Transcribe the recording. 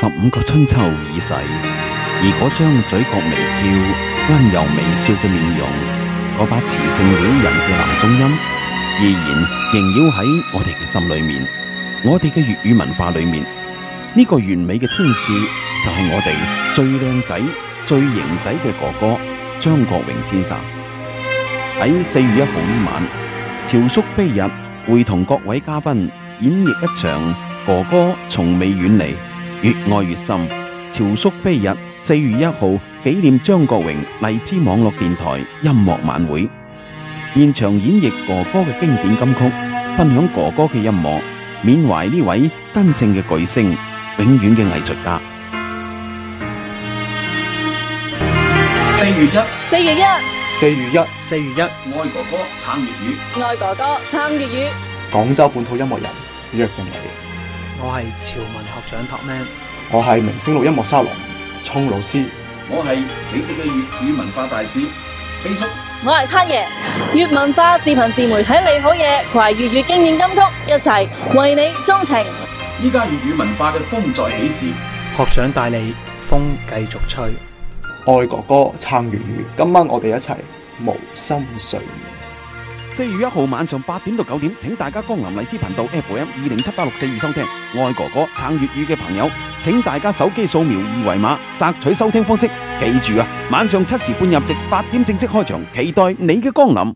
十五個春秋已逝，而嗰張嘴角微翹、温柔微笑嘅面容，嗰把磁性撩人嘅男中音，依然縈繞喺我哋嘅心裏面。我哋嘅粵語文化裏面，呢、這個完美嘅天使就係、是、我哋最靚仔、最型仔嘅哥哥張國榮先生。喺四月一號呢晚，潮叔飛逸會同各位嘉賓演繹一場《哥哥從未遠離》。粵愛粵深。潮叔飛逸四月一號紀念張國榮荔枝網絡電台音樂晚會，現場演繹哥哥嘅經典金曲，分享哥哥嘅音樂，緬懷呢位真正嘅巨星，永遠嘅藝術家。四月一，四月一，四月一，四月一，愛哥哥，撐粵語，愛哥哥，撐粵語。廣州本土音樂人約定你。我係潮文學長托 man，我係明星錄音樂沙龍聰老師，我係你哋嘅粵語文化大使飛叔，我係卡爺，粵文化視頻自媒體你好嘢，懷粵語經典金曲，一齊為你鍾情。依家粵語文化嘅風再起時，學長帶你風繼續吹，愛哥哥撐粵語，今晚我哋一齊無心睡眠。四月一號晚上八點到九點，請大家光臨荔枝頻道 FM 二零七八六四二收聽。愛哥哥撐粵語嘅朋友，請大家手機掃描二維碼，索取收聽方式。記住啊，晚上七時半入席，八點正式開場，期待你嘅光臨。